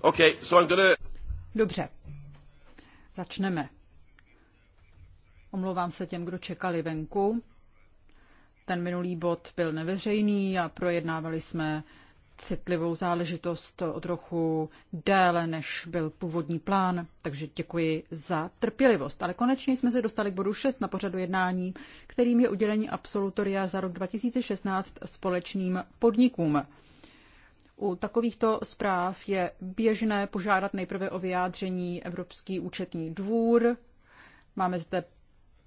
Okay, so I'm gonna... Dobře, začneme. Omlouvám se těm, kdo čekali venku. Ten minulý bod byl neveřejný a projednávali jsme citlivou záležitost o trochu déle, než byl původní plán, takže děkuji za trpělivost. Ale konečně jsme se dostali k bodu 6 na pořadu jednání, kterým je udělení absolutoria za rok 2016 společným podnikům. U takovýchto zpráv je běžné požádat nejprve o vyjádření Evropský účetní dvůr. Máme zde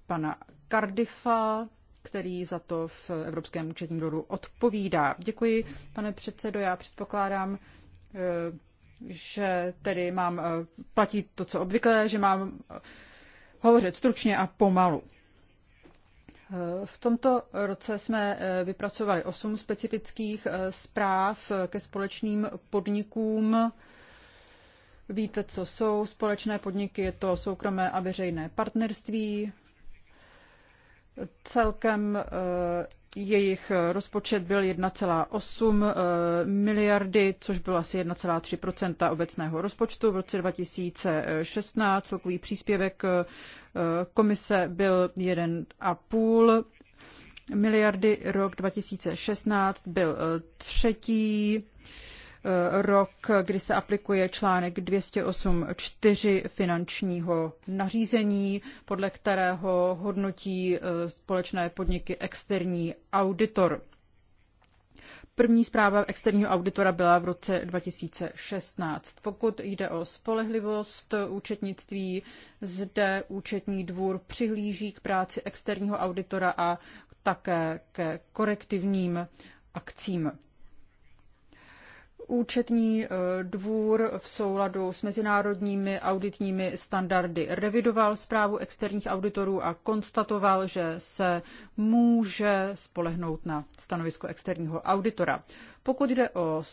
pana Cardiffa, který za to v Evropském účetním dvoru odpovídá. Děkuji, pane předsedo. Já předpokládám, eh, že tedy mám eh, platit to, co obvykle, že mám eh, hovořit stručně a pomalu. V tomto roce jsme eh, vypracovali osm specifických eh, zpráv eh, ke společným podnikům. Víte, co jsou společné podniky, je to soukromé a veřejné partnerství. Celkem jejich eh, rozpočet byl 1,8 eh, miliardy, což bylo asi 1,3 obecného rozpočtu. V roce 2016 celkový příspěvek eh, komise byl 1,5 miliardy. Rok 2016 byl třetí Eh, rok, kdy se aplikuje článek 208.4 finančního nařízení, podle kterého hodnotí eh, společné podniky externí auditor. První zpráva externího auditora byla v roce 2016. Pokud jde o spolehlivost účetnictví, zde účetní dvůr přihlíží k práci externího auditora a také ke korektivním akcím účetní eh, dvůr v souladu s mezinárodními auditními standardy revidoval zprávu externích auditorů a konstatoval, že se může spolehnout na stanovisko externího auditora. Pokud jde o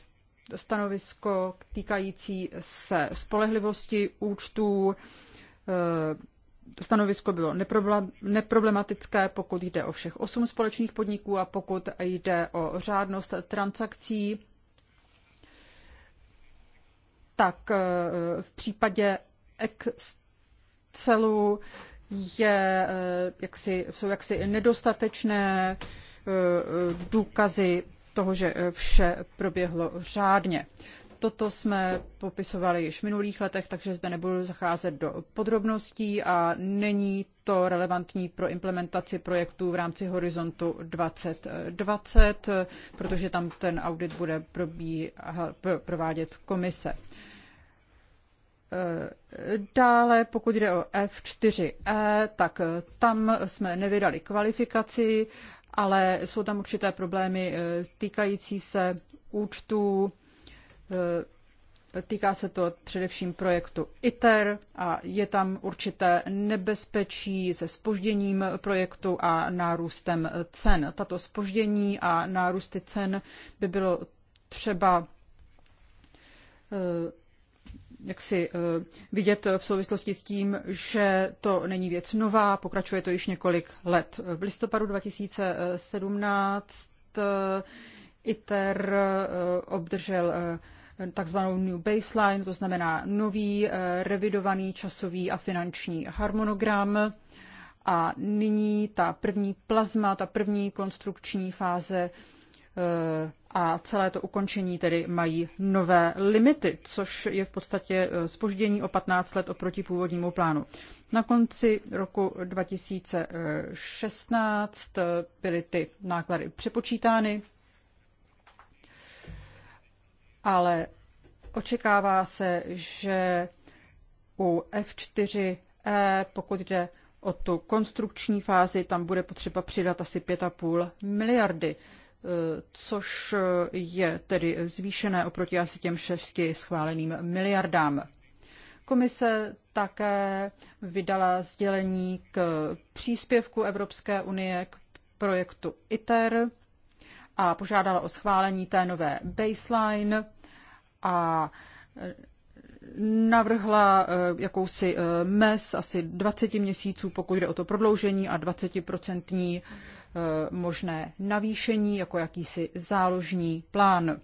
stanovisko týkající se spolehlivosti účtů, eh, Stanovisko bylo neproblematické, pokud jde o všech osm společných podniků a pokud jde o řádnost transakcí tak eh, v případě Excelu je, eh, jaksi, jsou jaksi nedostatečné eh, důkazy toho, že vše proběhlo řádně. Toto jsme popisovali již v minulých letech, takže zde nebudu zacházet do podrobností a není to relevantní pro implementaci projektů v rámci Horizontu 2020, protože tam ten audit bude probíha, provádět komise. Eh, dále, pokud jde o F4E, tak eh, tam jsme nevydali kvalifikaci, ale jsou tam určité problémy eh, týkající se účtů. Týká se to především projektu ITER a je tam určité nebezpečí se spožděním projektu a nárůstem cen. Tato spoždění a nárůsty cen by bylo třeba jaksi eh, vidět eh, v souvislosti s tím, že to není věc nová, pokračuje to již několik let. V listopadu 2017 eh, ITER obdržel takzvanou new baseline, to znamená nový revidovaný časový a finanční harmonogram. A nyní ta první plazma, ta první konstrukční fáze a celé to ukončení tedy mají nové limity, což je v podstatě spoždění e, o 15 let oproti původnímu plánu. Na konci roku 2016 e, byly ty náklady přepočítány, ale očekává se, že u F4E, pokud jde o tu konstrukční fázi, tam bude potřeba přidat asi 5,5 miliardy což je tedy zvýšené oproti asi těm šesti schváleným miliardám. Komise také vydala sdělení k příspěvku Evropské unie k projektu ITER a požádala o schválení té nové baseline a navrhla eh, jakousi eh, mes asi 20 měsíců, pokud jde o to prodloužení a 20% Eh, možné navýšení jako jakýsi záložní plán.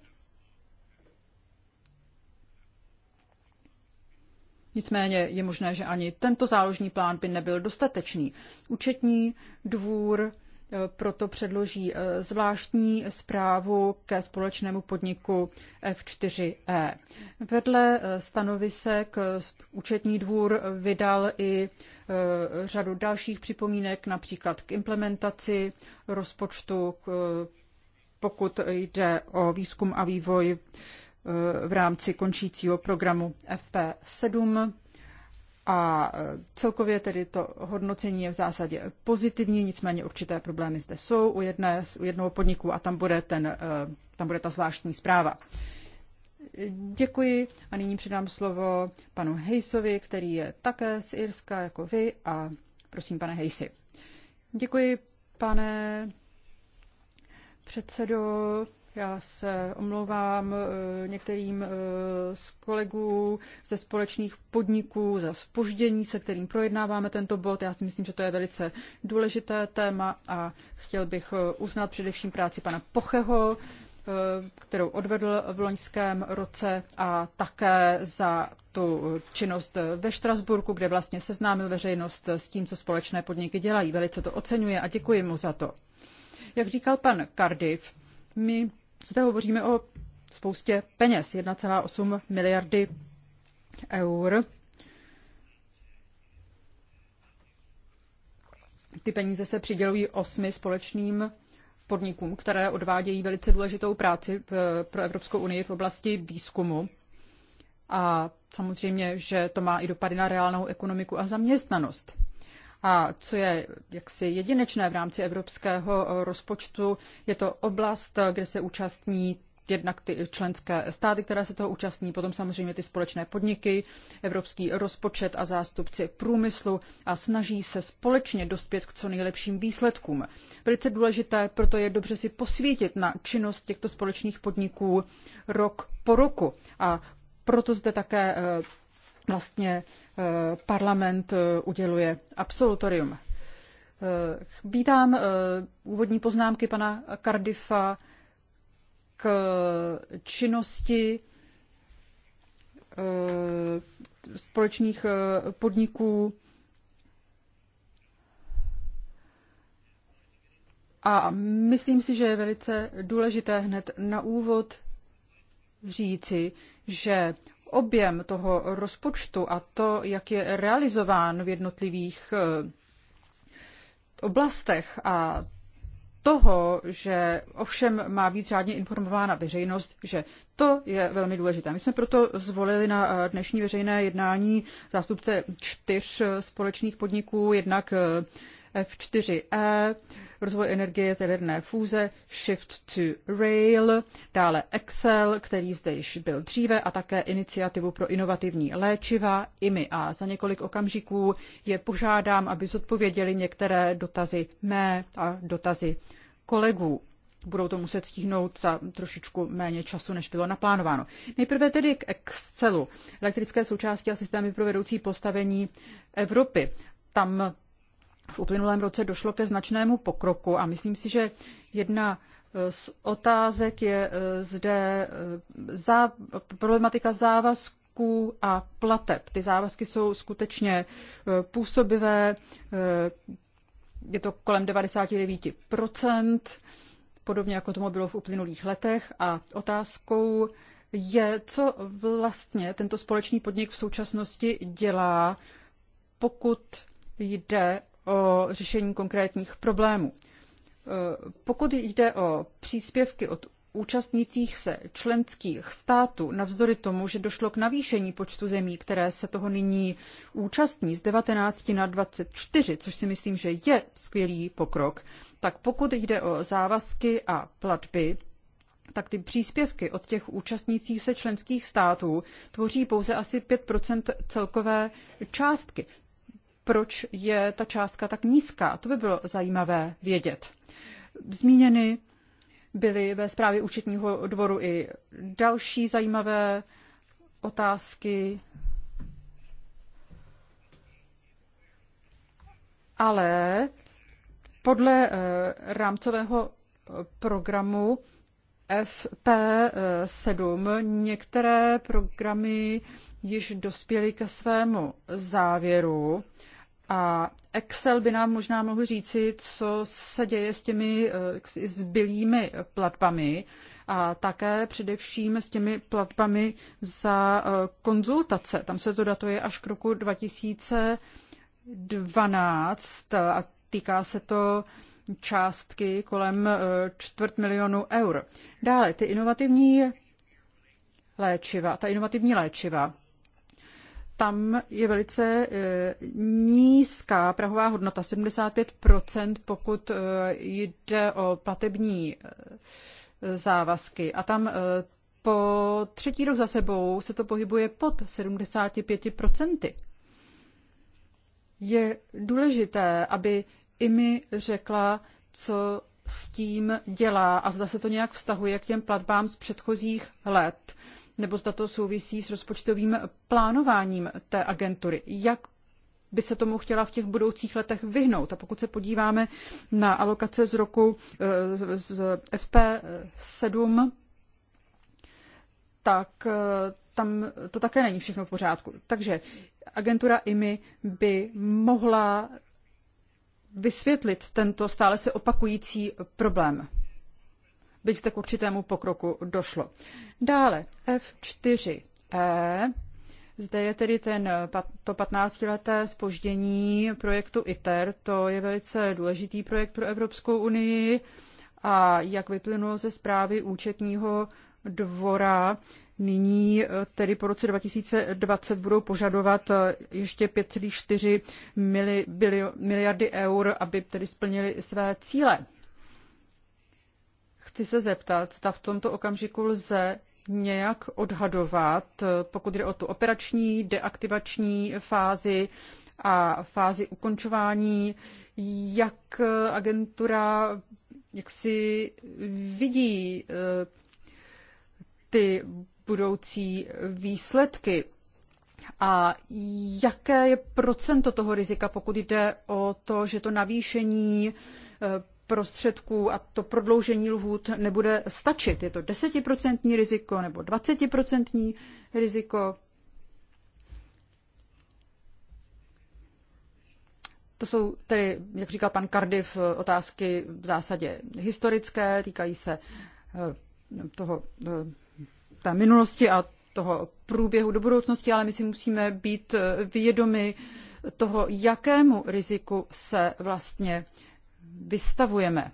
Nicméně je možné, že ani tento záložní plán by nebyl dostatečný. Účetní dvůr proto předloží eh, zvláštní zprávu ke společnému podniku F4E. Vedle eh, stanovisek eh, účetní dvůr vydal i řadu dalších připomínek, například k implementaci rozpočtu, pokud jde o výzkum a vývoj v rámci končícího programu FP7 a e, celkově tedy to hodnocení je v zásadě pozitivní, nicméně určité problémy zde jsou u, jedné, u jednoho podniku a tam bude, ten, e, tam bude ta zvláštní zpráva. Děkuji a nyní předám slovo panu Hejsovi, který je také z Irska jako vy a prosím, pane Hejsi. Děkuji, pane předsedo. Já se omlouvám eh, některým eh, z kolegů ze společných podniků za spoždění, se kterým projednáváme tento bod. Já si myslím, že to je velice důležité téma a chtěl bych eh, uznat především práci pana Pocheho, kterou odvedl v loňském roce a také za tu činnost ve Štrasburku, kde vlastně seznámil veřejnost s tím, co společné podniky dělají. Velice to oceňuje a děkuji mu za to. Jak říkal pan Cardiff, my zde hovoříme o spoustě peněz, 1,8 miliardy eur. Ty peníze se přidělují osmi společným podnikům, které odvádějí velice důležitou práci pro Evropskou unii v oblasti výzkumu. A samozřejmě, že to má i dopady na reálnou ekonomiku a zaměstnanost. A co je jaksi jedinečné v rámci evropského eh, rozpočtu, je to oblast, eh, kde se účastní jednak ty členské státy, které se toho účastní, potom samozřejmě ty společné podniky, evropský rozpočet a zástupci průmyslu a snaží se společně dospět k co nejlepším výsledkům. Velice důležité, proto je dobře si posvítit na činnost těchto společných podniků rok po roku a proto zde také eh, vlastně eh, parlament eh, uděluje absolutorium. Eh, vítám úvodní poznámky pana Cardiffa k činnosti společných podniků a myslím si, že je velice důležité hned na úvod říci, že objem toho rozpočtu a to, jak je realizován v jednotlivých eh, oblastech a toho, že ovšem má být řádně informována veřejnost, že to je velmi důležité. My jsme proto zvolili na eh, dnešní veřejné jednání zástupce čtyř eh, společných podniků, jednak F4E, rozvoj energie z jaderné fůze, Shift to Rail, dále Excel, který zde již byl dříve, a také iniciativu pro inovativní léčiva, IMI. A za několik okamžiků je požádám, aby zodpověděli některé dotazy mé a dotazy kolegů budou to muset stihnout za trošičku méně času, než bylo naplánováno. Nejprve tedy k Excelu, elektrické součásti a systémy pro vedoucí postavení Evropy. Tam v uplynulém roce došlo ke značnému pokroku a myslím si, že jedna eh, z otázek je eh, zde eh, zá, problematika závazků a plateb. Ty závazky jsou skutečně působivé, je to kolem 99%, podobně jako tomu bylo v uplynulých letech. A otázkou je, co vlastně tento společný podnik v současnosti dělá, pokud jde o řešení konkrétních problémů. E, pokud jde o příspěvky od účastnících se členských států, navzdory tomu, že došlo k navýšení počtu zemí, které se toho nyní účastní z 19 na 24, což si myslím, že je skvělý pokrok, tak pokud jde o závazky a platby, tak ty příspěvky od těch účastnících se členských států tvoří pouze asi 5 celkové částky proč je ta částka tak nízká. To by bylo zajímavé vědět. Zmíněny byly ve zprávě účetního dvoru i další zajímavé otázky, ale podle eh, rámcového programu FP7 některé programy již dospěly ke svému závěru a Excel by nám možná mohl říci, co se děje s těmi zbylými eh, platbami a také především s těmi platbami za eh, konzultace. Tam se to datuje až k roku 2012 a týká se to částky kolem eh, čtvrt milionu eur. Dále ty inovativní léčiva, ta inovativní léčiva, tam je velice eh, nízká prahová hodnota, 75%, pokud eh, jde o platební eh, závazky. A tam po třetí rok za sebou se to pohybuje pod 75%. Je důležité, aby i mi řekla, co s tím dělá a zda se to nějak vztahuje k těm platbám z předchozích let nebo zda to souvisí s rozpočtovým plánováním té agentury. Jak by se tomu chtěla v těch budoucích letech vyhnout. A pokud se podíváme na alokace z roku eh, z FP7, tak eh, tam to také není všechno v pořádku. Takže agentura IMI by mohla vysvětlit tento stále se opakující problém byť zde k určitému pokroku došlo. Dále F4E, zde je tedy ten, to 15-leté spoždění projektu ITER, to je velice důležitý projekt pro Evropskou unii a jak vyplynulo ze zprávy účetního dvora, nyní eh, tedy po roce 2020 budou požadovat eh, ještě 5,4 miliardy eur, aby tedy splnili své cíle. Chci se zeptat, zda v tomto okamžiku lze nějak odhadovat, pokud jde o tu operační, deaktivační fázi a fázi ukončování, jak agentura jak si vidí eh, ty budoucí výsledky a jaké je procento toho rizika, pokud jde o to, že to navýšení eh, prostředků a to prodloužení lhůt nebude stačit. Je to desetiprocentní riziko nebo dvacetiprocentní riziko. To jsou tedy, jak říkal pan Cardiff, otázky v zásadě historické, týkají se eh, toho, eh, té minulosti a toho průběhu do budoucnosti, ale my si musíme být eh, vědomi toho, jakému riziku se vlastně vystavujeme.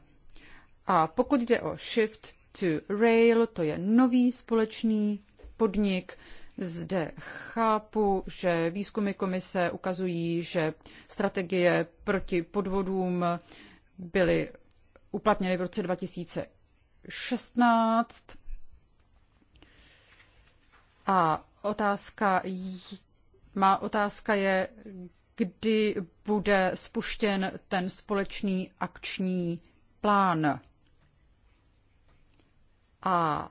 A pokud jde o Shift to Rail, to je nový společný podnik. Zde chápu, že výzkumy komise ukazují, že strategie proti podvodům byly uplatněny v roce 2016. A otázka, má otázka je, kdy bude spuštěn ten společný akční plán. A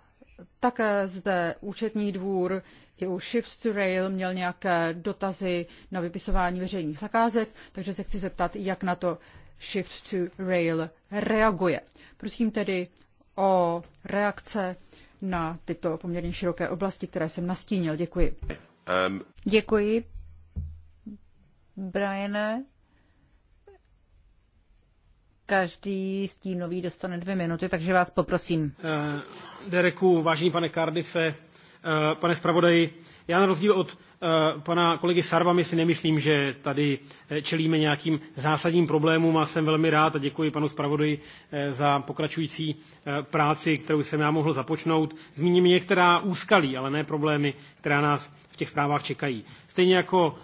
také zde účetní dvůr i u Ships to Rail měl nějaké dotazy na vypisování veřejných zakázek, takže se chci zeptat, jak na to Shift to Rail reaguje. Prosím tedy o reakce na tyto poměrně široké oblasti, které jsem nastínil. Děkuji. Um... Děkuji, Briane. Každý stínový dostane dvě minuty, takže vás poprosím. Uh, Dereku, vážený pane Cardiffe, uh, pane zpravodaji, já na rozdíl od eh, pana kolegy my si nemyslím, že tady čelíme nějakým zásadním problémům a jsem velmi rád a děkuji panu zpravodaji za pokračující práci, kterou jsem já mohl započnout. Zmíním některá úskalí, ale ne problémy, která nás těch zprávách čekají. Stejně jako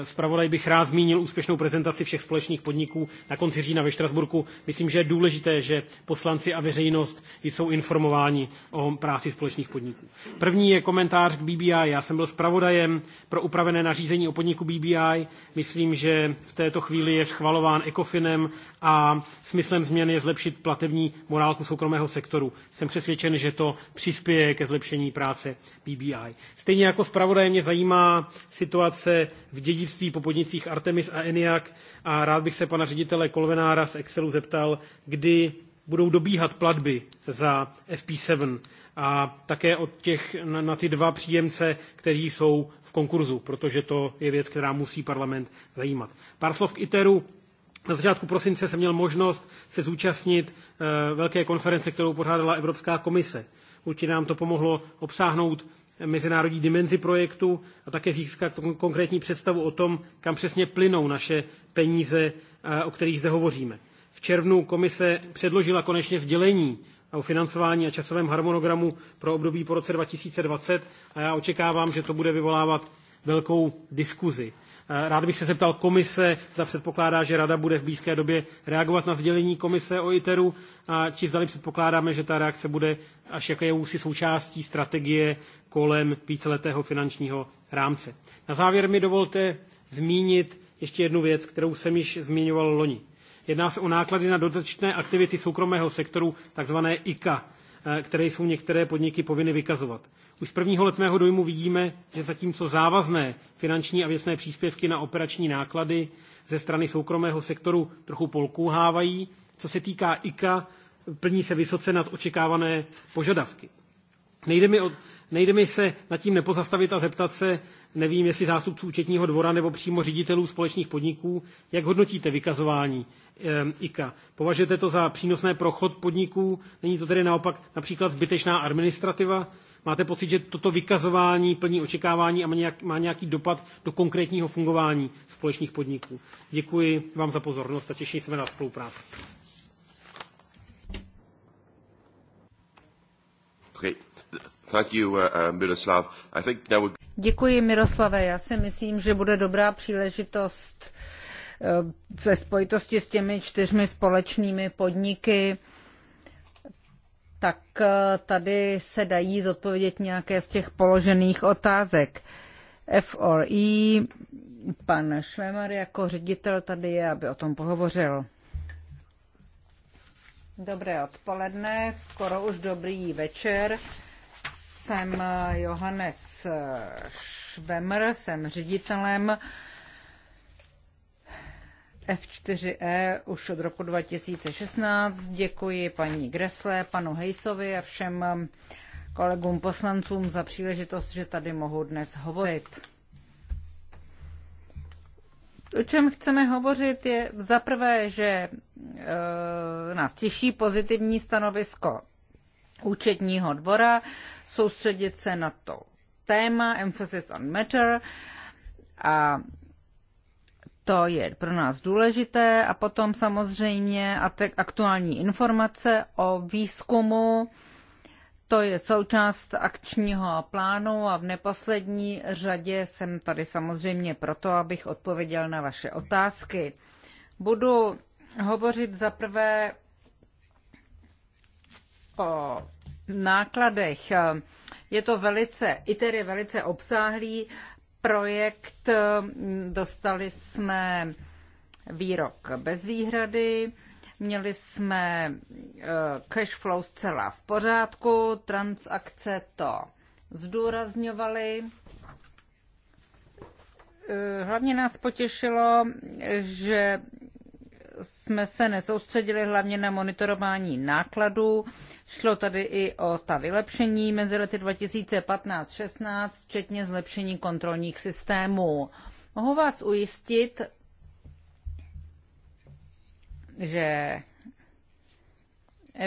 eh, zpravodaj bych rád zmínil úspěšnou prezentaci všech společných podniků na konci října ve Štrasburku. Myslím, že je důležité, že poslanci a veřejnost jsou informováni o práci společných podniků. První je komentář k BBI. Já jsem byl zpravodajem pro upravené nařízení o podniku BBI. Myslím, že v této chvíli je schvalován ECOFINem a smyslem změny je zlepšit platební morálku soukromého sektoru. Jsem přesvědčen, že to přispěje ke zlepšení práce BBI. Stejně jako zpravodajem mě zajímá situace v dědictví po podnicích Artemis a ENIAC a rád bych se pana ředitele Kolvenára z Excelu zeptal, kdy budou dobíhat platby za FP7 a také od těch, na, na ty dva příjemce, kteří jsou v konkurzu, protože to je věc, která musí parlament zajímat. Pár slov k ITERu. Na začátku prosince jsem měl možnost se zúčastnit eh, velké konference, kterou pořádala Evropská komise. Určitě nám to pomohlo obsáhnout mezinárodní dimenzi projektu a také získat konkrétní představu o tom, kam přesně plynou naše peníze, eh, o kterých zde hovoříme. V červnu komise předložila konečně sdělení o financování a časovém harmonogramu pro období po roce 2020 a já očekávám, že to bude vyvolávat velkou diskuzi. Eh, rád bych se zeptal komise, zda předpokládá, že rada bude v blízké době reagovat na sdělení komise o ITERu a či zda předpokládáme, že ta reakce bude až jakousi součástí strategie kolem víceletého finančního rámce. Na závěr mi dovolte zmínit ještě jednu věc, kterou jsem již zmiňoval loni. Jedná se o náklady na dodatečné aktivity soukromého sektoru, takzvané IKA Eh, které jsou některé podniky povinny vykazovat. Už z prvního letného dojmu vidíme, že zatímco závazné finanční a věcné příspěvky na operační náklady ze strany soukromého sektoru trochu polkouhávají, co se týká IKA, plní se vysoce nad očekávané požadavky. Nejde mi o Nejde mi se nad tím nepozastavit a zeptat se, nevím, jestli zástupců účetního dvora nebo přímo ředitelů společných podniků, jak hodnotíte vykazování ehm, IKA. Považujete to za přínosné prochod podniků? Není to tedy naopak například zbytečná administrativa? Máte pocit, že toto vykazování plní očekávání a má nějaký dopad do konkrétního fungování společných podniků? Děkuji vám za pozornost a těším se na spolupráci. Uh, uh, Miroslav. Děkuji, Miroslave. Já si myslím, že bude dobrá příležitost eh, ve spojitosti s těmi čtyřmi společnými podniky, tak eh, tady se dají zodpovědět nějaké z těch položených otázek. FRE, pan Šlemar jako ředitel tady je, aby o tom pohovořil. Dobré odpoledne, skoro už dobrý večer jsem eh, Johannes Švemr, eh, jsem ředitelem F4E už od roku 2016. Děkuji paní Gresle, panu Hejsovi a všem eh, kolegům poslancům za příležitost, že tady mohu dnes hovořit. O čem chceme hovořit je zaprvé, že e, nás těší pozitivní stanovisko účetního dvora soustředit se na to téma, emphasis on matter a to je pro nás důležité a potom samozřejmě aktuální informace o výzkumu, to je součást akčního plánu a v neposlední řadě jsem tady samozřejmě proto, abych odpověděl na vaše otázky. Budu hovořit zaprvé o nákladech. Je to velice, ITER je velice obsáhlý projekt. Dostali jsme výrok bez výhrady, měli jsme eh, cash flow zcela v pořádku, transakce to zdůrazňovaly. Eh, hlavně nás potěšilo, že jsme se nesoustředili hlavně na monitorování nákladů. Šlo tady i o ta vylepšení mezi lety 2015-16, včetně zlepšení kontrolních systémů. Mohu vás ujistit, že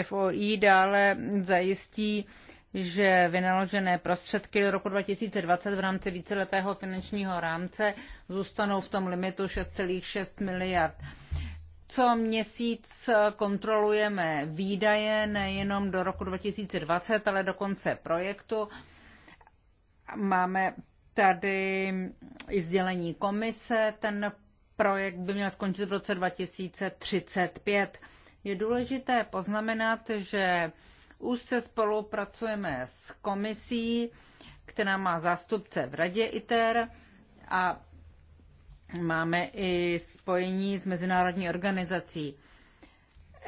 FOI dále zajistí, že vynaložené prostředky do roku 2020 v rámci víceletého finančního rámce zůstanou v tom limitu 6,6 miliard co měsíc kontrolujeme výdaje nejenom do roku 2020, ale do konce projektu. Máme tady i sdělení komise. Ten projekt by měl skončit v roce 2035. Je důležité poznamenat, že úzce spolupracujeme s komisí, která má zástupce v radě ITER a Máme i spojení s mezinárodní organizací.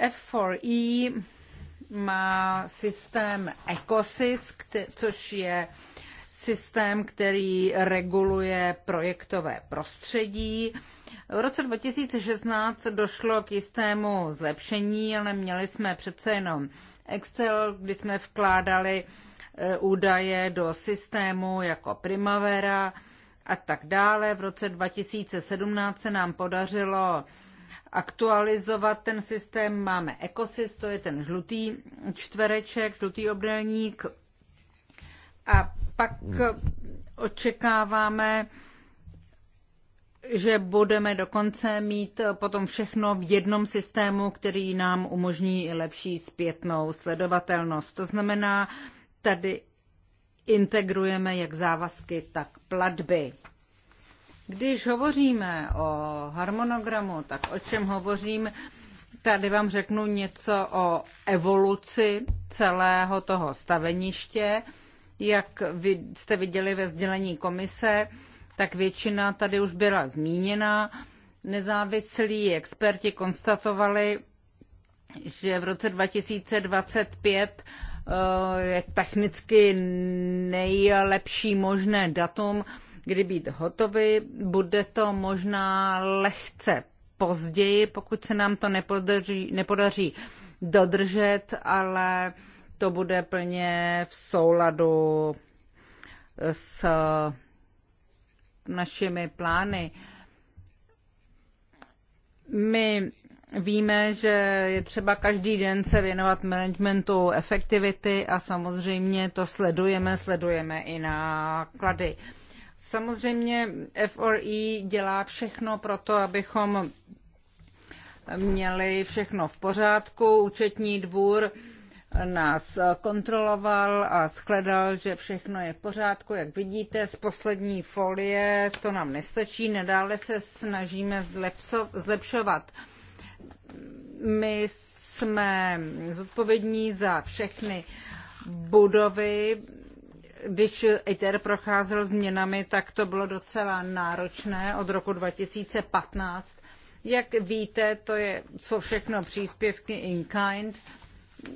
F4E má systém ECOSYS, což je systém, který reguluje projektové prostředí. V roce 2016 došlo k jistému zlepšení, ale měli jsme přece jenom Excel, kdy jsme vkládali eh, údaje do systému jako Primavera a tak dále. V roce 2017 se nám podařilo aktualizovat ten systém. Máme ECOSYS, to je ten žlutý čtvereček, žlutý obdélník. A pak očekáváme, že budeme dokonce mít potom všechno v jednom systému, který nám umožní i lepší zpětnou sledovatelnost. To znamená, tady integrujeme jak závazky, tak platby. Když hovoříme o harmonogramu, tak o čem hovořím, tady vám řeknu něco o evoluci celého toho staveniště. Jak vy jste viděli ve sdělení komise, tak většina tady už byla zmíněna. Nezávislí experti konstatovali, že v roce 2025 eh, je technicky nejlepší možné datum, kdy být hotovi. Bude to možná lehce později, pokud se nám to nepodaří, nepodaří dodržet, ale to bude plně v souladu s našimi plány. My víme, že je třeba každý den se věnovat managementu efektivity a samozřejmě to sledujeme, sledujeme i náklady. Na Samozřejmě FRE dělá všechno pro to, abychom měli všechno v pořádku. Účetní dvůr nás kontroloval a skledal, že všechno je v pořádku. Jak vidíte, z poslední folie to nám nestačí. Nadále se snažíme zlepšovat. My jsme zodpovědní za všechny budovy když ITER procházel změnami, tak to bylo docela náročné od roku 2015. Jak víte, to je, jsou všechno příspěvky in kind.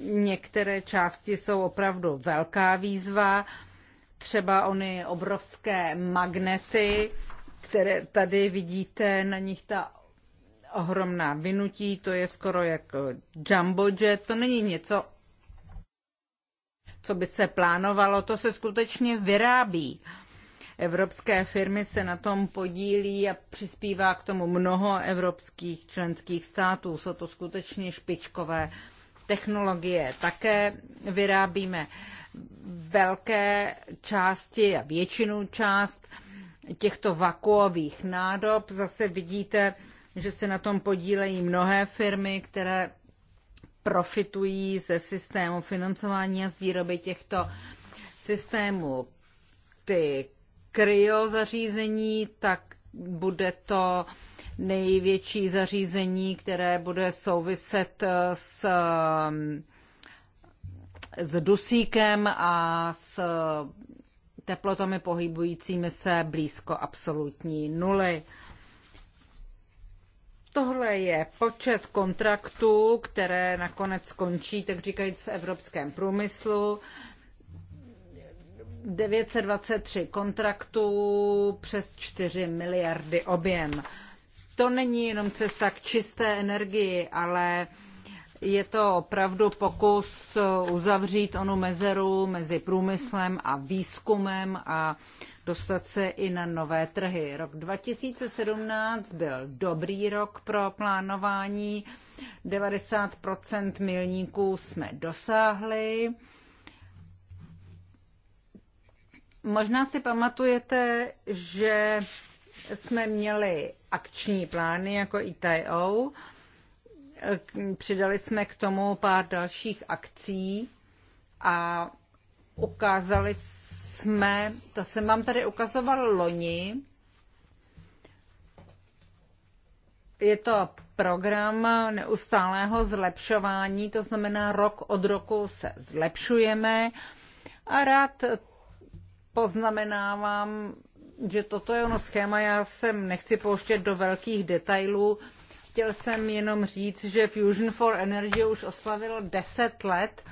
Některé části jsou opravdu velká výzva, třeba ony obrovské magnety, které tady vidíte, na nich ta ohromná vynutí, to je skoro jako jumbo jet, to není něco co by se plánovalo, to se skutečně vyrábí. Evropské firmy se na tom podílí a přispívá k tomu mnoho evropských členských států. Jsou to skutečně špičkové technologie. Také vyrábíme velké části a většinu část těchto vakuových nádob. Zase vidíte, že se na tom podílejí mnohé firmy, které profitují ze systému financování a z výroby těchto systémů. Ty kryo zařízení, tak bude to největší zařízení, které bude souviset s, um, s dusíkem a s teplotami pohybujícími se blízko absolutní nuly. Tohle je počet kontraktů, které nakonec skončí, tak říkajíc, v evropském průmyslu. 923 kontraktů přes 4 miliardy objem. To není jenom cesta k čisté energii, ale je to opravdu pokus uzavřít onu mezeru mezi průmyslem a výzkumem a uh, dostat se i na nové trhy. Rok 2017 byl dobrý rok pro plánování. 90 milníků jsme dosáhli. Možná si pamatujete, že jsme měli akční plány jako ITO, přidali jsme k tomu pár dalších akcí a ukázali jsme, jsme, to jsem vám tady ukazoval loni, je to program neustálého zlepšování, to znamená rok od roku se zlepšujeme a rád poznamenávám, že toto je ono schéma, já jsem nechci pouštět do velkých detailů, chtěl jsem jenom říct, že Fusion for Energy už oslavilo 10 let,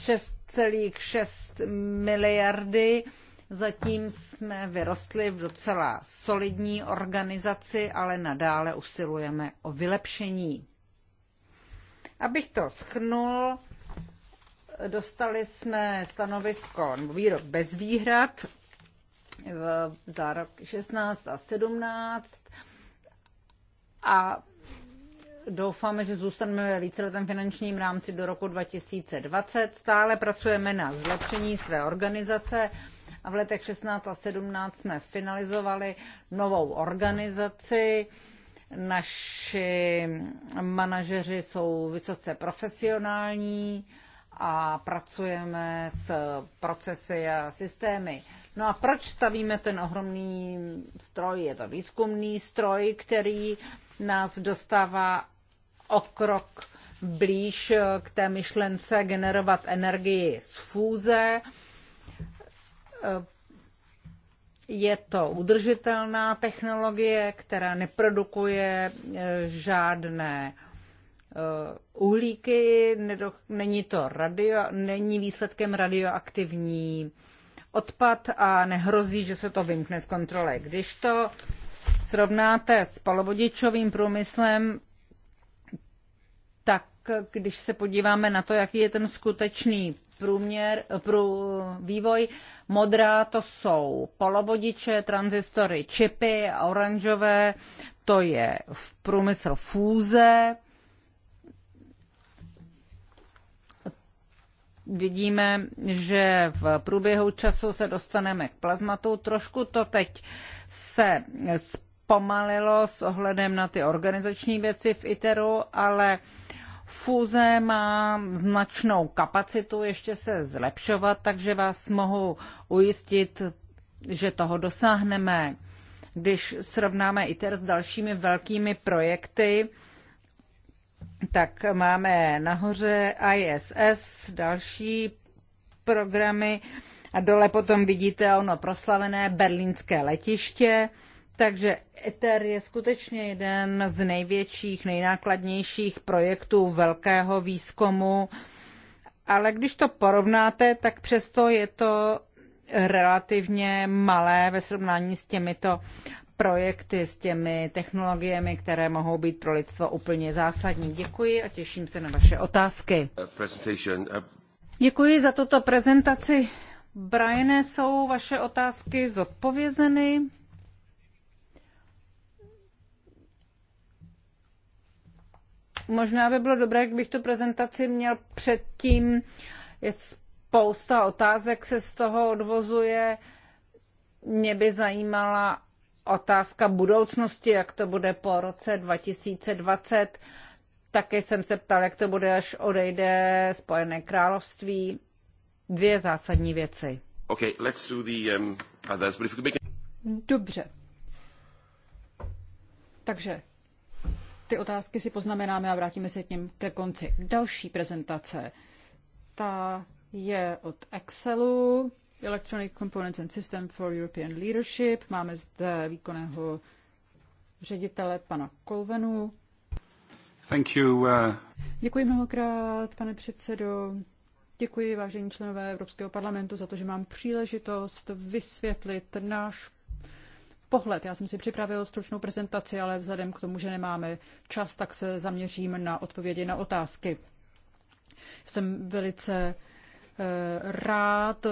6. 1,6 miliardy. Zatím jsme vyrostli v docela solidní organizaci, ale nadále usilujeme o vylepšení. Abych to schnul, dostali jsme stanovisko výrok bez výhrad za rok 16 a 17 a doufáme, že zůstaneme ve víceletém finančním rámci do roku 2020. Stále pracujeme na zlepšení své organizace a v letech 16 a 17 jsme finalizovali novou organizaci. Naši manažeři jsou vysoce profesionální a pracujeme s procesy a systémy. No a proč stavíme ten ohromný stroj? Je to výzkumný stroj, který nás dostává o krok blíž eh, k té myšlence generovat energii z fúze. Eh, je to udržitelná technologie, která neprodukuje eh, žádné uhlíky, není to radio, není výsledkem radioaktivní odpad a nehrozí, že se to vymkne z kontroly. Když to srovnáte s palovodičovým průmyslem, když se podíváme na to, jaký je ten skutečný průměr, prů, vývoj, modrá to jsou polovodiče, tranzistory, čipy, oranžové to je v průmysl fůze. Vidíme, že v průběhu času se dostaneme k plazmatu. Trošku to teď se zpomalilo s ohledem na ty organizační věci v ITERu, ale uh, Fúze má značnou kapacitu ještě se zlepšovat, takže vás mohu ujistit, že toho dosáhneme. Když srovnáme ITER s dalšími velkými projekty, tak máme nahoře ISS, další programy a dole potom vidíte ono proslavené berlínské letiště. Takže Ether je skutečně jeden z největších, nejnákladnějších projektů velkého výzkumu, ale když to porovnáte, tak přesto je to relativně malé ve srovnání s těmito projekty, s těmi technologiemi, které mohou být pro lidstvo úplně zásadní. Děkuji a těším se na vaše otázky. Děkuji za tuto prezentaci. Brian, jsou vaše otázky zodpovězeny? Možná by bylo dobré, kdybych tu prezentaci měl předtím. Je spousta otázek se z toho odvozuje. Mě by zajímala otázka budoucnosti, jak to bude po roce 2020. Také jsem se ptal, jak to bude, až odejde Spojené království. Dvě zásadní věci. Okay, let's do the, um, others, but if we Dobře. Takže ty otázky si poznamenáme a vrátíme se k ním ke konci. Další prezentace, ta je od Excelu, Electronic Components and System for European Leadership. Máme zde výkonného ředitele pana Kolvenu. Thank you, uh... Děkuji mnohokrát, pane předsedo. Děkuji, vážení členové Evropského parlamentu, za to, že mám příležitost vysvětlit náš pohled. Já jsem si připravil stručnou prezentaci, ale vzhledem k tomu, že nemáme čas, tak se zaměřím na odpovědi na otázky. Jsem velice eh, rád eh,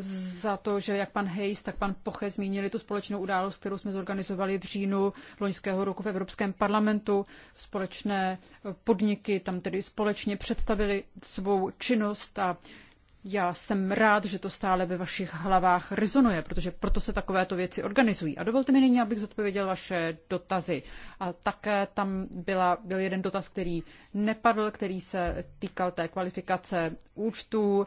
za to, že jak pan Hayes, tak pan Poche zmínili tu společnou událost, kterou jsme zorganizovali v říjnu loňského roku v Evropském parlamentu. Společné podniky tam tedy společně představili svou činnost a já jsem rád, že to stále ve vašich hlavách rezonuje, protože proto se takovéto věci organizují. A dovolte mi nyní, abych zodpověděl vaše dotazy. A také tam byla, byl jeden dotaz, který nepadl, který se týkal té kvalifikace účtů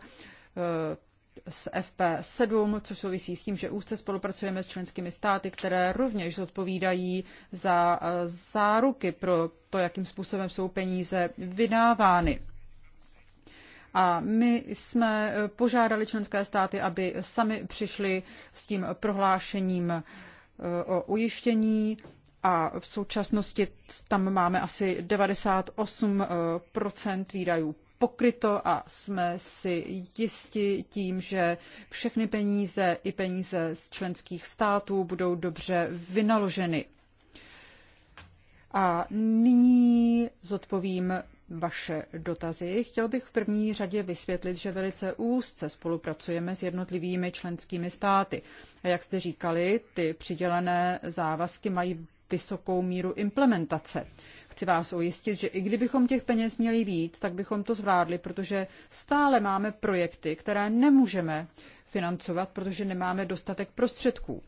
s FP7, což souvisí s tím, že úzce spolupracujeme s členskými státy, které rovněž zodpovídají za eh, záruky pro to, jakým způsobem jsou peníze vydávány. A my jsme eh, požádali členské státy, aby sami přišli s tím prohlášením eh, o ujištění a v současnosti tam máme asi 98 eh, výdajů pokryto a jsme si jisti tím, že všechny peníze i peníze z členských států budou dobře vynaloženy. A nyní zodpovím vaše dotazy. Chtěl bych v první řadě vysvětlit, že velice úzce spolupracujeme s jednotlivými členskými státy. A jak jste říkali, ty přidělené závazky mají vysokou míru implementace. Chci vás ujistit, že i kdybychom těch peněz měli víc, tak bychom to zvládli, protože stále máme projekty, které nemůžeme financovat, protože nemáme dostatek prostředků.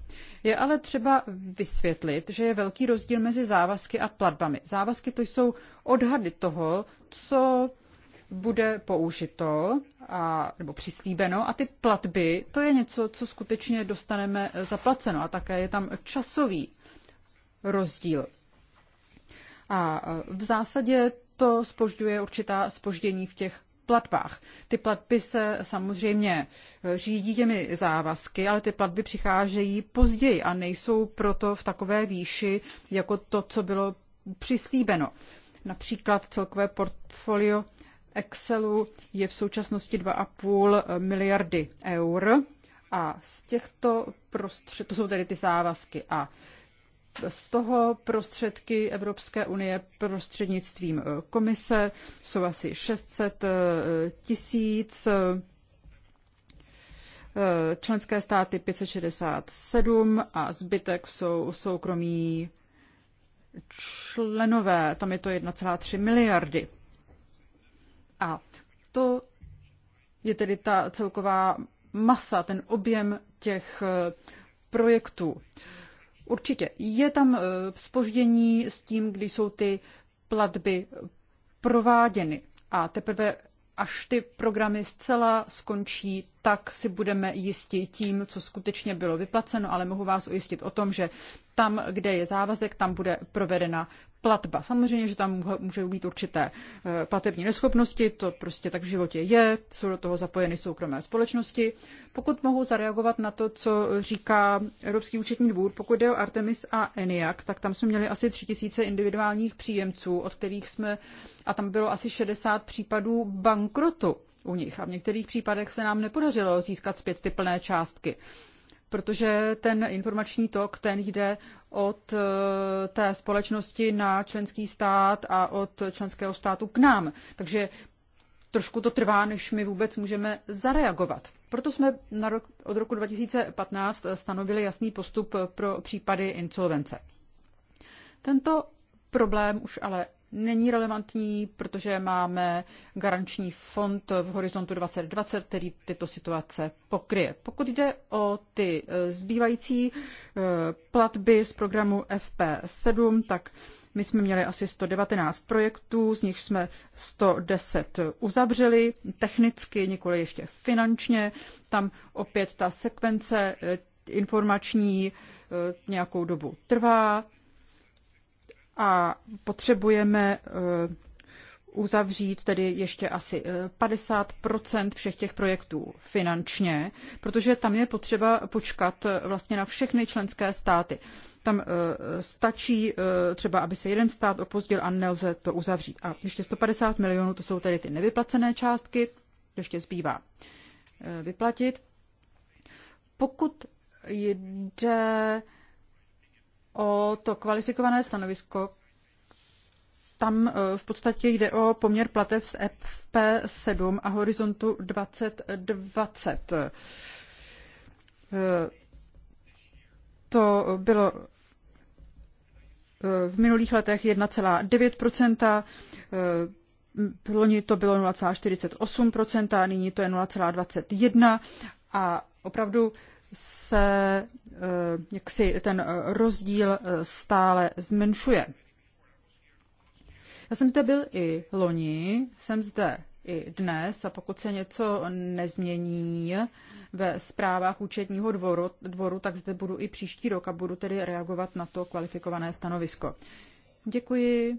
Je ale třeba vysvětlit, že je velký rozdíl mezi závazky a platbami. Závazky to jsou odhady toho, co bude použito a, nebo přislíbeno a ty platby, to je něco, co skutečně dostaneme eh, zaplaceno a také je tam časový rozdíl. A eh, v zásadě to spožďuje určitá spoždění v těch platbách. Ty platby se samozřejmě eh, řídí těmi závazky, ale ty platby přicházejí později a nejsou proto v takové výši jako to, co bylo přislíbeno. Například celkové portfolio Excelu je v současnosti 2,5 eh, miliardy eur a z těchto prostředků, to jsou tedy ty závazky a z toho prostředky Evropské unie prostřednictvím eh, komise jsou asi 600 eh, tisíc, eh, členské státy 567 a zbytek jsou soukromí členové, tam je to 1,3 miliardy. A to je tedy ta celková masa, ten objem těch projektů. Určitě je tam spoždění e, s tím, kdy jsou ty platby prováděny a teprve až ty programy zcela skončí, tak si budeme jistí tím, co skutečně bylo vyplaceno, ale mohu vás ujistit o tom, že tam, kde je závazek, tam bude provedena platba. Samozřejmě, že tam můžou být určité eh, platební neschopnosti, to prostě tak v životě je, jsou do toho zapojeny soukromé společnosti. Pokud mohu zareagovat na to, co říká Evropský účetní dvůr, pokud jde o Artemis a ENIAC, tak tam jsme měli asi 3000 individuálních příjemců, od kterých jsme, a tam bylo asi 60 případů bankrotu u nich a v některých případech se nám nepodařilo získat zpět ty plné částky protože ten informační tok, ten jde od eh, té společnosti na členský stát a od členského státu k nám. Takže trošku to trvá, než my vůbec můžeme zareagovat. Proto jsme na rok, od roku 2015 stanovili jasný postup pro případy insolvence. Tento problém už ale není relevantní, protože máme garanční fond v horizontu 2020, který tyto situace pokryje. Pokud jde o ty e, zbývající e, platby z programu FP7, tak my jsme měli asi 119 projektů, z nich jsme 110 uzavřeli technicky, nikoli ještě finančně. Tam opět ta sekvence e, informační nějakou dobu trvá a potřebujeme eh, uzavřít tedy ještě asi 50 eh, všech těch projektů finančně, protože tam je potřeba počkat eh, vlastně na všechny členské státy. Tam stačí třeba, aby se jeden stát opozdil a nelze to uzavřít. A ještě 150 milionů, to jsou tedy ty nevyplacené částky, ještě zbývá vyplatit. Pokud jde o to kvalifikované stanovisko, tam e, v podstatě jde o poměr platev z FP7 a horizontu 2020. E, to bylo e, v minulých letech 1,9%, v loni to bylo 0,48%, nyní to je 0,21% a opravdu se eh, jak ten eh, rozdíl eh, stále zmenšuje. Já jsem zde byl i loni, jsem zde i dnes a pokud se něco nezmění ve zprávách účetního dvoru, dvoru, tak zde budu i příští rok a budu tedy reagovat na to kvalifikované stanovisko. Děkuji.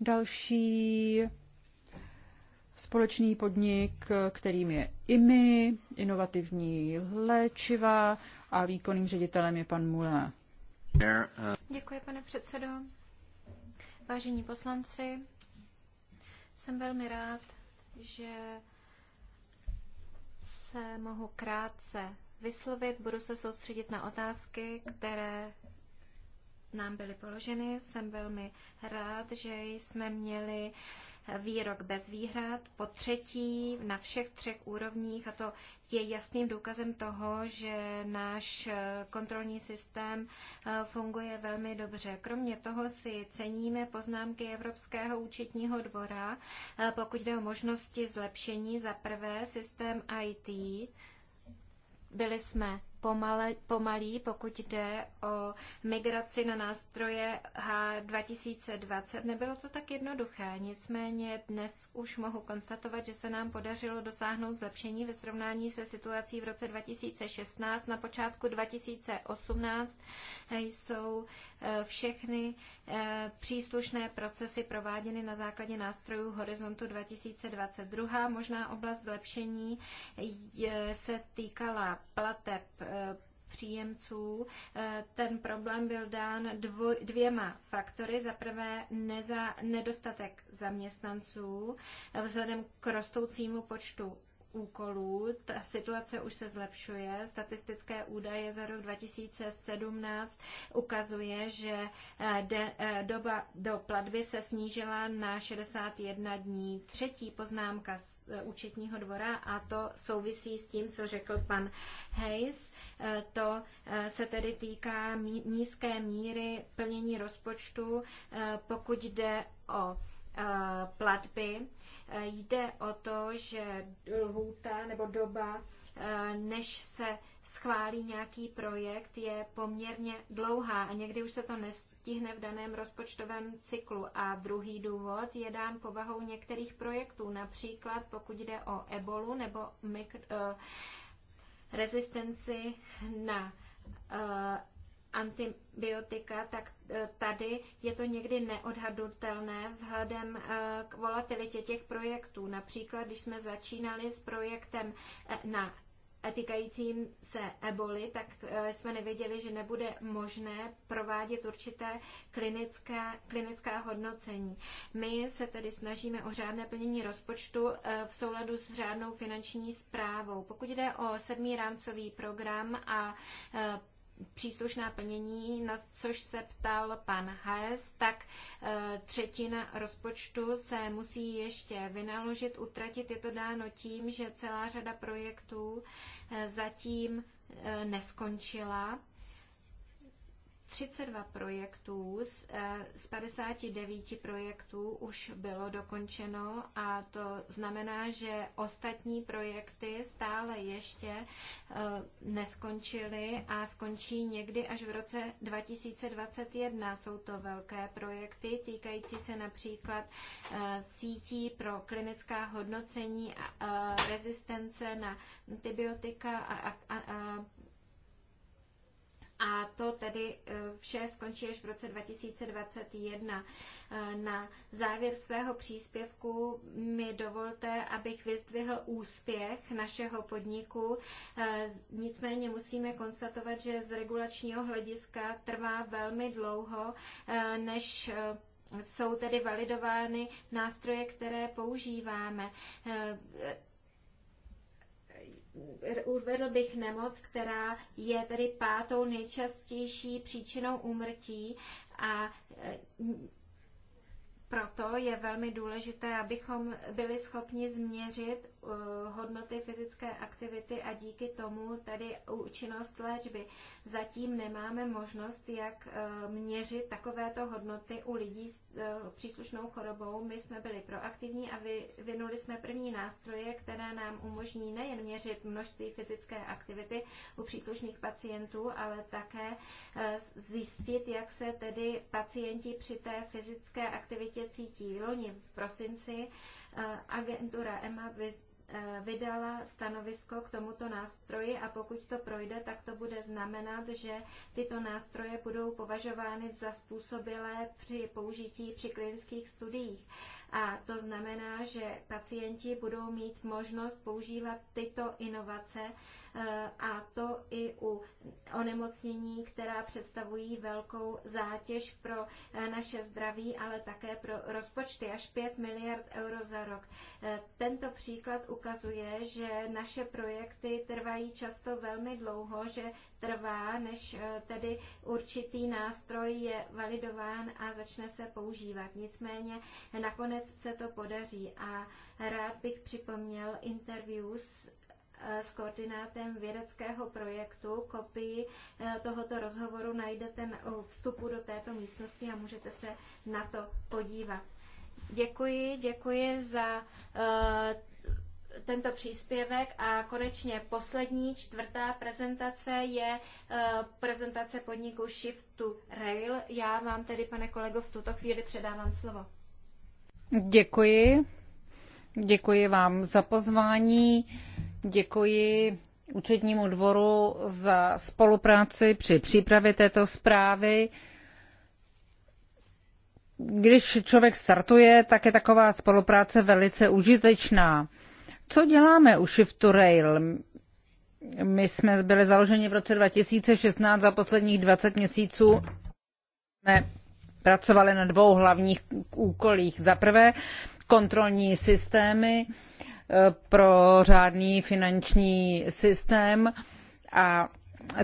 Další společný podnik, kterým je IMI, inovativní léčiva a výkonným ředitelem je pan Mula. Děkuji, pane předsedo. Vážení poslanci, jsem velmi rád, že se mohu krátce vyslovit. Budu se soustředit na otázky, které nám byly položeny. Jsem velmi rád, že jsme měli výrok bez výhrad, po třetí na všech třech úrovních a to je jasným důkazem toho, že náš eh, kontrolní systém eh, funguje velmi dobře. Kromě toho si ceníme poznámky Evropského účetního dvora, eh, pokud jde o možnosti zlepšení. Za prvé systém IT. Byli jsme pomale, pomalý, pokud jde o migraci na nástroje H2020. Nebylo to tak jednoduché, nicméně dnes už mohu konstatovat, že se nám podařilo dosáhnout zlepšení ve srovnání se situací v roce 2016. Na počátku 2018 jsou eh, všechny eh, příslušné procesy prováděny na základě nástrojů Horizontu 2022. Možná oblast zlepšení eh, se týkala plateb Eh, příjemců. Eh, ten problém byl dán dvoj, dvěma faktory. Za prvé neza, nedostatek zaměstnanců eh, vzhledem k rostoucímu počtu úkolů. Ta situace už se zlepšuje. Statistické údaje za rok 2017 ukazuje, že eh, de, eh, doba do platby se snížila na 61 dní. Třetí poznámka z eh, účetního dvora a to souvisí s tím, co řekl pan Hayes. To se tedy týká nízké míry plnění rozpočtu, pokud jde o Eh, platby. Eh, jde o to, že lhůta nebo doba, eh, než se schválí nějaký projekt, je poměrně dlouhá a někdy už se to nestihne v daném rozpočtovém cyklu. A druhý důvod je dán povahou některých projektů, například pokud jde o ebolu nebo mikro, rezistenci na antibiotika, tak e, tady je to někdy neodhadutelné vzhledem e, k volatilitě těch projektů. Například, když jsme začínali s projektem e, na týkajícím se eboli, tak jsme nevěděli, že nebude možné provádět určité klinické, klinická hodnocení. My se tedy snažíme o řádné plnění rozpočtu v souladu s řádnou finanční zprávou. Pokud jde o sedmý rámcový program a příslušná plnění, na což se ptal pan Hes, tak eh, třetina rozpočtu se musí ještě vynaložit, utratit. Je to dáno tím, že celá řada projektů eh, zatím eh, neskončila 32 projektů z, eh, z 59 projektů už bylo dokončeno a to znamená, že ostatní projekty stále ještě eh, neskončily a skončí někdy až v roce 2021. Jsou to velké projekty týkající se například eh, sítí pro klinická hodnocení a rezistence na antibiotika a, a, a a to tedy eh, vše skončí až v roce 2021. Eh, na závěr svého příspěvku mi dovolte, abych vyzdvihl úspěch našeho podniku. Eh, nicméně musíme konstatovat, že z regulačního hlediska trvá velmi dlouho, než jsou tedy validovány nástroje, které používáme uvedl bych nemoc, která je tedy pátou nejčastější příčinou úmrtí a e, proto je velmi důležité, abychom byli schopni změřit Eh, hodnoty fyzické aktivity a díky tomu tedy účinnost léčby. Zatím nemáme možnost, jak eh, měřit takovéto hodnoty u lidí s eh, příslušnou chorobou. My jsme byli proaktivní a vyvinuli jsme první nástroje, které nám umožní nejen měřit množství fyzické aktivity u příslušných pacientů, ale také zjistit, jak se tedy pacienti při té fyzické aktivitě cítí. Loni v prosinci agentura EMA Eh, vydala stanovisko k tomuto nástroji a pokud to projde, tak to bude znamenat, že tyto nástroje budou považovány za způsobilé při použití při klinických studiích. A to znamená, že pacienti budou mít možnost používat tyto inovace Eh, a to i u onemocnění, která představují velkou zátěž pro eh, naše zdraví, ale také pro rozpočty až 5 miliard euro za rok. Eh, tento příklad ukazuje, že naše projekty trvají často velmi dlouho, že trvá, než tedy určitý nástroj je validován a začne se používat. Nicméně nakonec se to podaří a rád bych připomněl interview s Eh, s koordinátem vědeckého projektu. Kopii eh, tohoto rozhovoru najdete o vstupu do této místnosti a můžete se na to podívat. Děkuji, děkuji za eh, tento příspěvek a konečně poslední, čtvrtá prezentace je prezentace podniku Shift to Rail. Já vám tedy, pane kolego, v tuto chvíli předávám slovo. Děkuji. Děkuji vám za pozvání, děkuji účetnímu dvoru za spolupráci při přípravě této zprávy. Když člověk startuje, tak je taková spolupráce velice užitečná. Co děláme u Shift to Rail? My jsme byli založeni v roce 2016 za posledních 20 měsíců. Jsme pracovali na dvou hlavních úkolích. Za prvé kontrolní systémy eh, pro řádný finanční systém a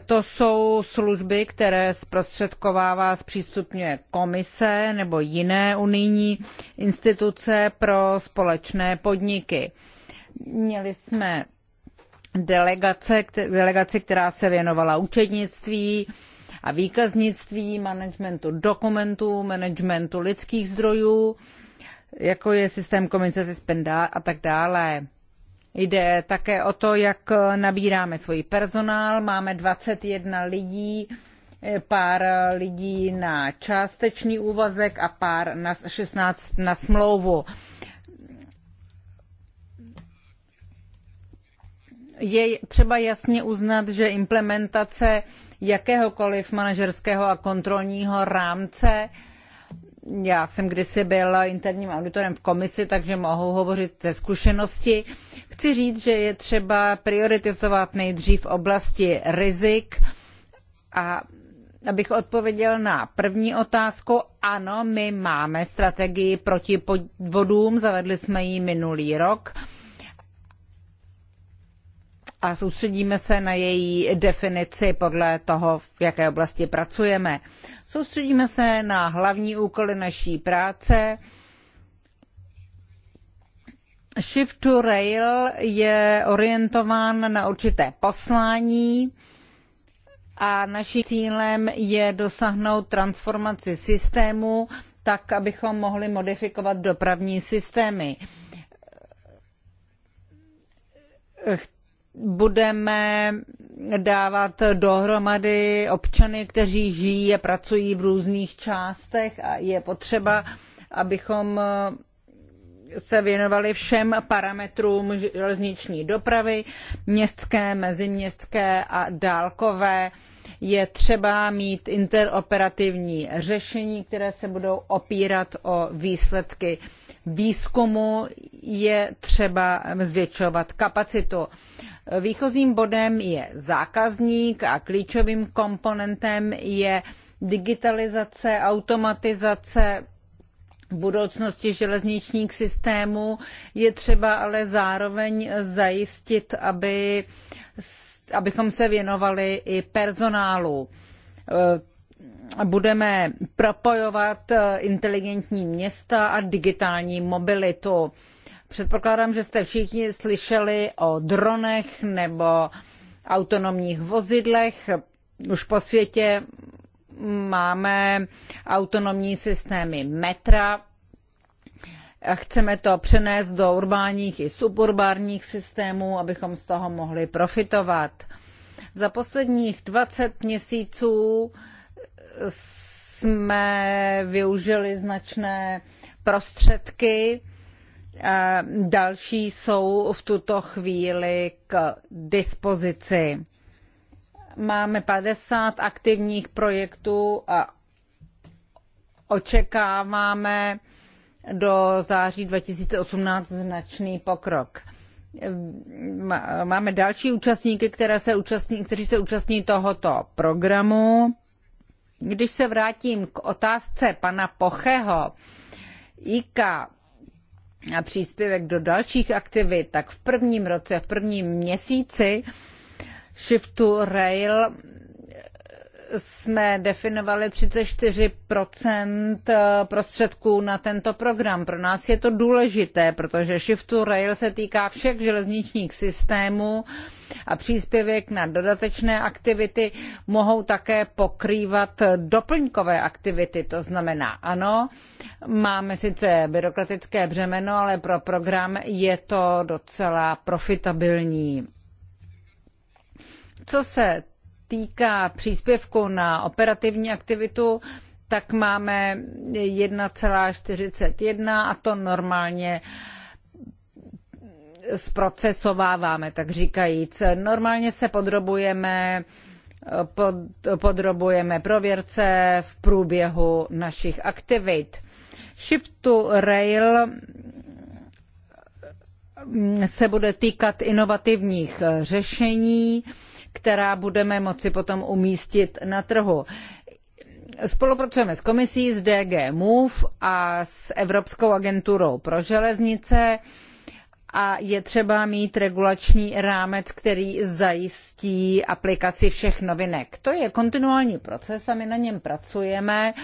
to jsou služby, které zprostředkovává, zpřístupňuje komise nebo jiné unijní instituce pro společné podniky. Měli jsme delegace, delegaci, která se věnovala účetnictví a výkaznictví, managementu dokumentů, managementu lidských zdrojů jako je systém komise Spenda a tak dále. Jde také o to, jak nabíráme svůj personál. Máme 21 lidí, pár lidí na částečný úvazek a pár na 16 na smlouvu. Je třeba jasně uznat, že implementace jakéhokoliv manažerského a kontrolního rámce já jsem kdysi byl interním auditorem v komisi, takže mohu hovořit ze zkušenosti. Chci říct, že je třeba prioritizovat nejdřív oblasti rizik a abych odpověděl na první otázku, ano, my máme strategii proti podvodům, zavedli jsme ji minulý rok a soustředíme se na její definici podle toho, v jaké oblasti pracujeme. Soustředíme se na hlavní úkoly naší práce. Shift to Rail je orientován na určité poslání a naším cílem je dosáhnout transformaci systému tak, abychom mohli modifikovat dopravní systémy budeme dávat dohromady občany, kteří žijí a pracují v různých částech a je potřeba, abychom eh, se věnovali všem parametrům železniční dopravy, městské, meziměstské a dálkové. Je třeba mít interoperativní řešení, které se budou opírat o výsledky výzkumu. Je třeba zvětšovat kapacitu. Výchozím bodem je zákazník a klíčovým komponentem je digitalizace, automatizace v budoucnosti železničních systémů. Je třeba ale zároveň zajistit, aby, abychom se věnovali i personálu. E, budeme propojovat e, inteligentní města a digitální mobilitu Předpokládám, že jste všichni slyšeli o dronech nebo autonomních vozidlech. Už po světě máme autonomní systémy metra. Chceme to přenést do urbánních i suburbánních systémů, abychom z toho mohli profitovat. Za posledních 20 měsíců jsme využili značné prostředky Eh, další jsou v tuto chvíli k dispozici. Máme 50 aktivních projektů a očekáváme do září 2018 značný pokrok. Máme další účastníky, které se účastní, kteří se účastní tohoto programu. Když se vrátím k otázce pana Pocheho, IKA a příspěvek do dalších aktivit, tak v prvním roce, v prvním měsíci Shift to Rail jsme definovali 34 eh, prostředků na tento program. Pro nás je to důležité, protože Shift to Rail se týká všech železničních systémů a příspěvek na dodatečné aktivity mohou také pokrývat doplňkové aktivity. To znamená, ano, máme sice byrokratické břemeno, ale pro program je to docela profitabilní. Co se týká příspěvku na operativní aktivitu, tak máme 1,41 a to normálně zprocesováváme, tak říkajíc. Normálně se podrobujeme, pod, podrobujeme prověrce v průběhu našich aktivit. Ship to Rail se bude týkat inovativních řešení která budeme moci potom umístit na trhu. Spolupracujeme s komisí, s DG Move a s Evropskou agenturou pro železnice a je třeba mít regulační rámec, který zajistí aplikaci všech novinek. To je kontinuální proces a my na něm pracujeme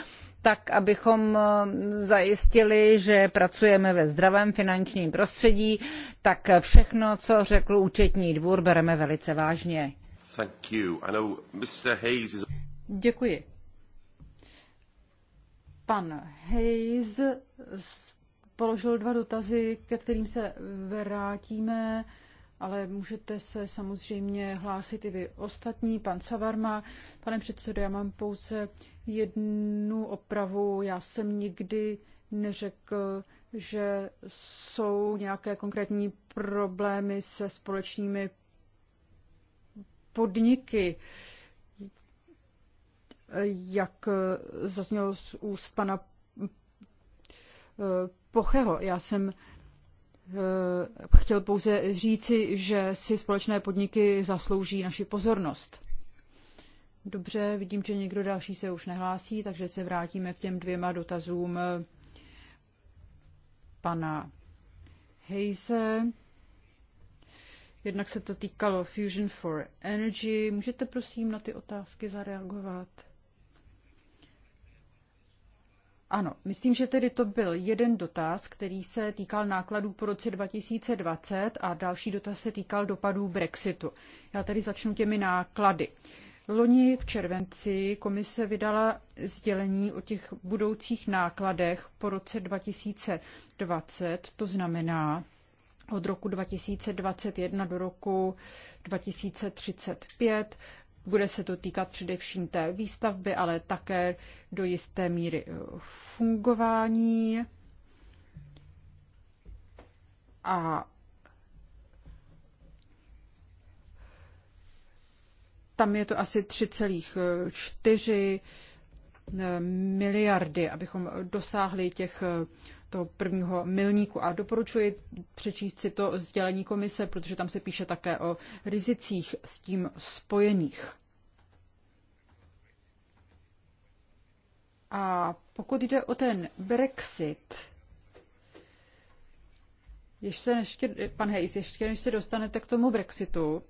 tak, abychom eh, zajistili, že pracujeme ve zdravém finančním prostředí, tak všechno, co řekl účetní dvůr, bereme velice vážně. Děkuji. Pan Hayes položil dva dotazy, ke kterým se vrátíme, ale můžete se samozřejmě hlásit i vy ostatní. Pan Savarma, pane předsedo, já mám pouze jednu opravu. Já jsem nikdy neřekl, že jsou nějaké konkrétní problémy se společnými podniky. Jak zaznělo z úst pana eh, Pocheho, já jsem eh, chtěl pouze říci, že si společné podniky zaslouží naši pozornost. Dobře, vidím, že někdo další se už nehlásí, takže se vrátíme k těm dvěma dotazům eh, pana Hejze. Jednak se to týkalo Fusion for Energy. Můžete prosím na ty otázky zareagovat? Ano, myslím, že tedy to byl jeden dotaz, který se týkal nákladů po roce 2020 a další dotaz se týkal dopadů Brexitu. Já tady začnu těmi náklady. Loni v červenci komise vydala sdělení o těch budoucích nákladech po roce 2020. To znamená, od roku 2021 do roku 2035. Bude se to týkat především té výstavby, ale také do jisté míry eh, fungování. A tam je to asi 3,4 eh, eh, miliardy, abychom dosáhli těch toho prvního milníku. A doporučuji přečíst si to sdělení komise, protože tam se píše také o rizicích s tím spojených. A pokud jde o ten Brexit, ještě než, pan Hayes, ještě než se dostanete k tomu Brexitu,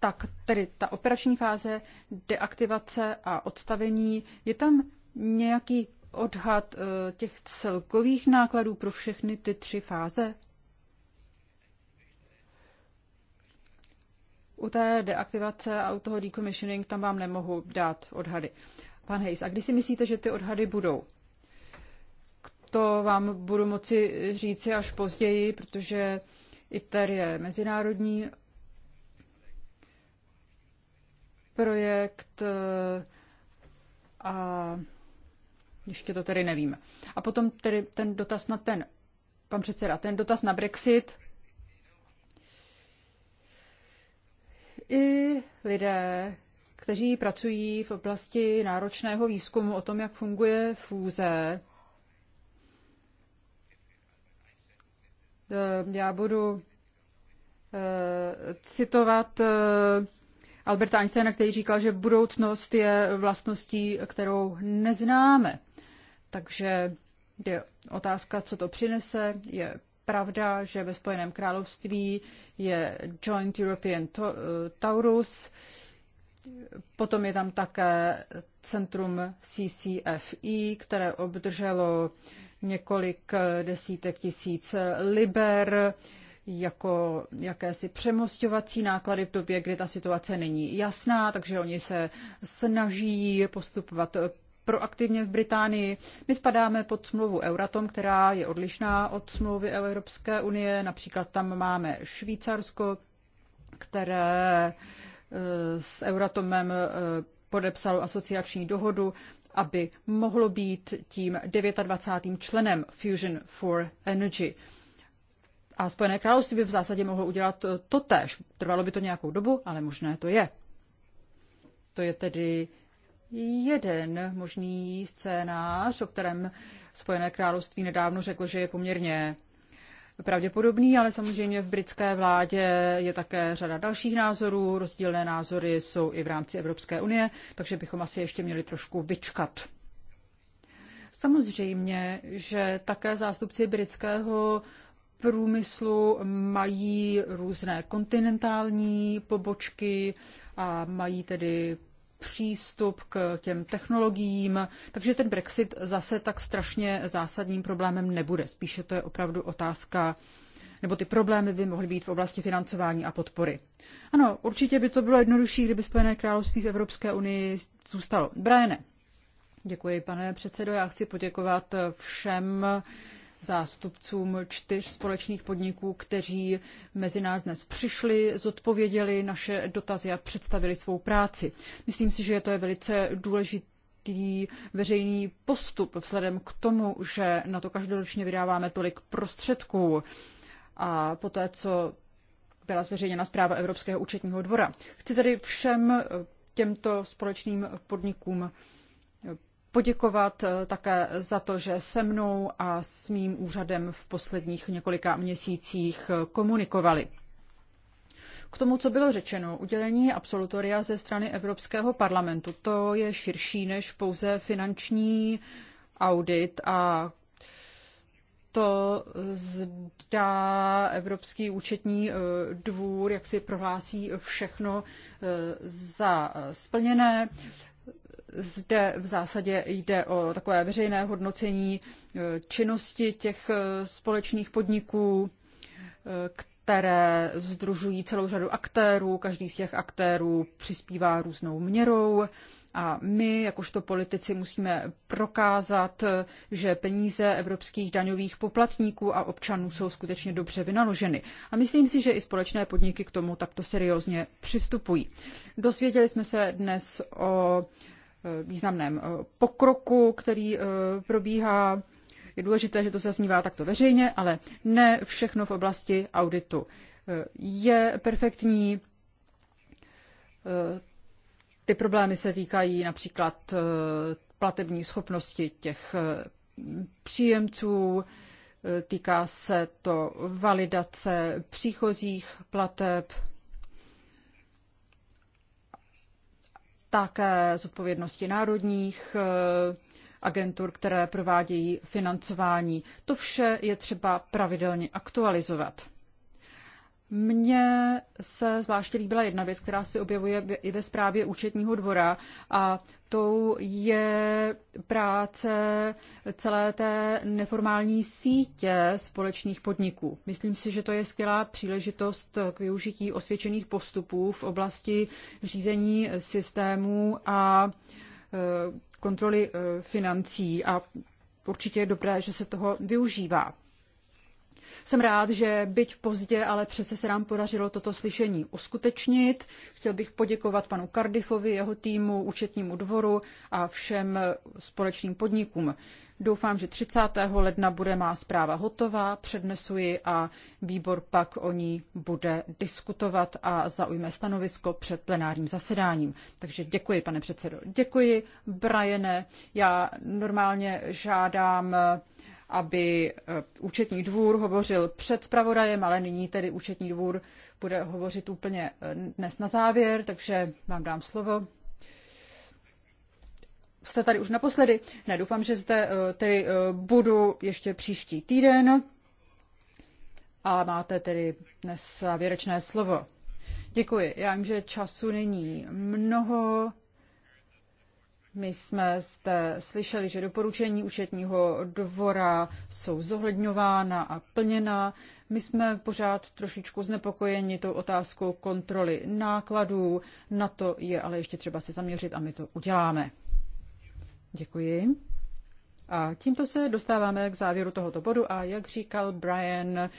tak tedy ta operační fáze, deaktivace a odstavení, je tam nějaký odhad eh, těch celkových nákladů pro všechny ty tři fáze? U té deaktivace a u toho decommissioning tam vám nemohu dát odhady. Pan Hejs, a kdy si myslíte, že ty odhady budou? To vám budu moci říci až později, protože ITER je mezinárodní projekt eh, a ještě to tedy nevíme. A potom tedy ten dotaz na ten, pan předseda, ten dotaz na Brexit. I lidé, kteří pracují v oblasti náročného výzkumu o tom, jak funguje fůze, eh, já budu eh, citovat eh, Alberta Einsteina, který říkal, že budoucnost je vlastností, kterou neznáme. Takže je otázka, co to přinese. Je pravda, že ve Spojeném království je Joint European Taurus, potom je tam také centrum CCFI, e, které obdrželo několik desítek tisíc liber jako jakési přemostovací náklady v době, kdy ta situace není jasná, takže oni se snaží postupovat proaktivně v Británii. My spadáme pod smlouvu Euratom, která je odlišná od smlouvy Evropské unie. Například tam máme Švýcarsko, které eh, s Euratomem eh, podepsalo asociační dohodu, aby mohlo být tím 29. členem Fusion for Energy. A Spojené království by v zásadě mohlo udělat to tež. Trvalo by to nějakou dobu, ale možné to je. To je tedy jeden možný scénář, o kterém Spojené království nedávno řeklo, že je poměrně pravděpodobný, ale samozřejmě v britské vládě je také řada dalších názorů, rozdílné názory jsou i v rámci Evropské unie, takže bychom asi ještě měli trošku vyčkat. Samozřejmě, že také zástupci britského průmyslu mají různé kontinentální pobočky a mají tedy přístup k těm technologiím, takže ten Brexit zase tak strašně zásadním problémem nebude. Spíše to je opravdu otázka, nebo ty problémy by mohly být v oblasti financování a podpory. Ano, určitě by to bylo jednodušší, kdyby Spojené království v Evropské unii zůstalo. Brajene. Děkuji, pane předsedo. Já chci poděkovat všem zástupcům čtyř společných podniků, kteří mezi nás dnes přišli, zodpověděli naše dotazy a představili svou práci. Myslím si, že to je velice důležitý veřejný postup vzhledem k tomu, že na to každoročně vydáváme tolik prostředků a poté, co byla zveřejněna zpráva Evropského účetního dvora. Chci tedy všem těmto společným podnikům poděkovat eh, také za to, že se mnou a s mým úřadem v posledních několika měsících eh, komunikovali. K tomu, co bylo řečeno, udělení absolutoria ze strany Evropského parlamentu, to je širší než pouze finanční audit a to zda Evropský účetní eh, dvůr, jak si prohlásí všechno za splněné. Zde v zásadě jde o takové veřejné hodnocení e, činnosti těch e, společných podniků, e, které združují celou řadu aktérů. Každý z těch aktérů přispívá různou měrou a my, jakožto politici, musíme prokázat, že peníze evropských daňových poplatníků a občanů jsou skutečně dobře vynaloženy. A myslím si, že i společné podniky k tomu takto seriózně přistupují. Dosvěděli jsme se dnes o Eh, významném eh, pokroku, který eh, probíhá. Je důležité, že to zaznívá takto veřejně, ale ne všechno v oblasti auditu je perfektní. Ty problémy se týkají například platební schopnosti těch příjemců, týká se to validace příchozích plateb, také zodpovědnosti národních eh, agentur, které provádějí financování. To vše je třeba pravidelně aktualizovat. Mně se zvláště líbila jedna věc, která se objevuje i ve zprávě účetního dvora a tou je práce celé té neformální sítě společných podniků. Myslím si, že to je skvělá příležitost k využití osvědčených postupů v oblasti řízení systémů a eh, kontroly eh, financí a určitě je dobré, že se toho využívá. Jsem rád, že byť pozdě, ale přece se nám podařilo toto slyšení uskutečnit. Chtěl bych poděkovat panu Cardiffovi, jeho týmu, účetnímu dvoru a všem společným podnikům. Doufám, že 30. ledna bude má zpráva hotová, přednesu ji a výbor pak o ní bude diskutovat a zaujme stanovisko před plenárním zasedáním. Takže děkuji, pane předsedo. Děkuji, Brajene. Já normálně žádám aby eh, účetní dvůr hovořil před zpravodajem, ale nyní tedy účetní dvůr bude hovořit úplně eh, dnes na závěr, takže vám dám slovo. Jste tady už naposledy? Ne, doufám, že zde eh, tedy budu ještě příští týden a máte tedy dnes závěrečné slovo. Děkuji. Já vím, že času není mnoho. My jsme zde slyšeli, že doporučení účetního dvora jsou zohledňována a plněna. My jsme pořád trošičku znepokojeni tou otázkou kontroly nákladů. Na to je ale ještě třeba se zaměřit a my to uděláme. Děkuji. A tímto se dostáváme k závěru tohoto bodu a jak říkal Brian,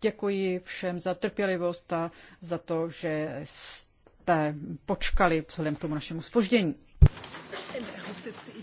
děkuji všem za trpělivost a za to, že jste počkali vzhledem k tomu našemu spoždění. And I hope that's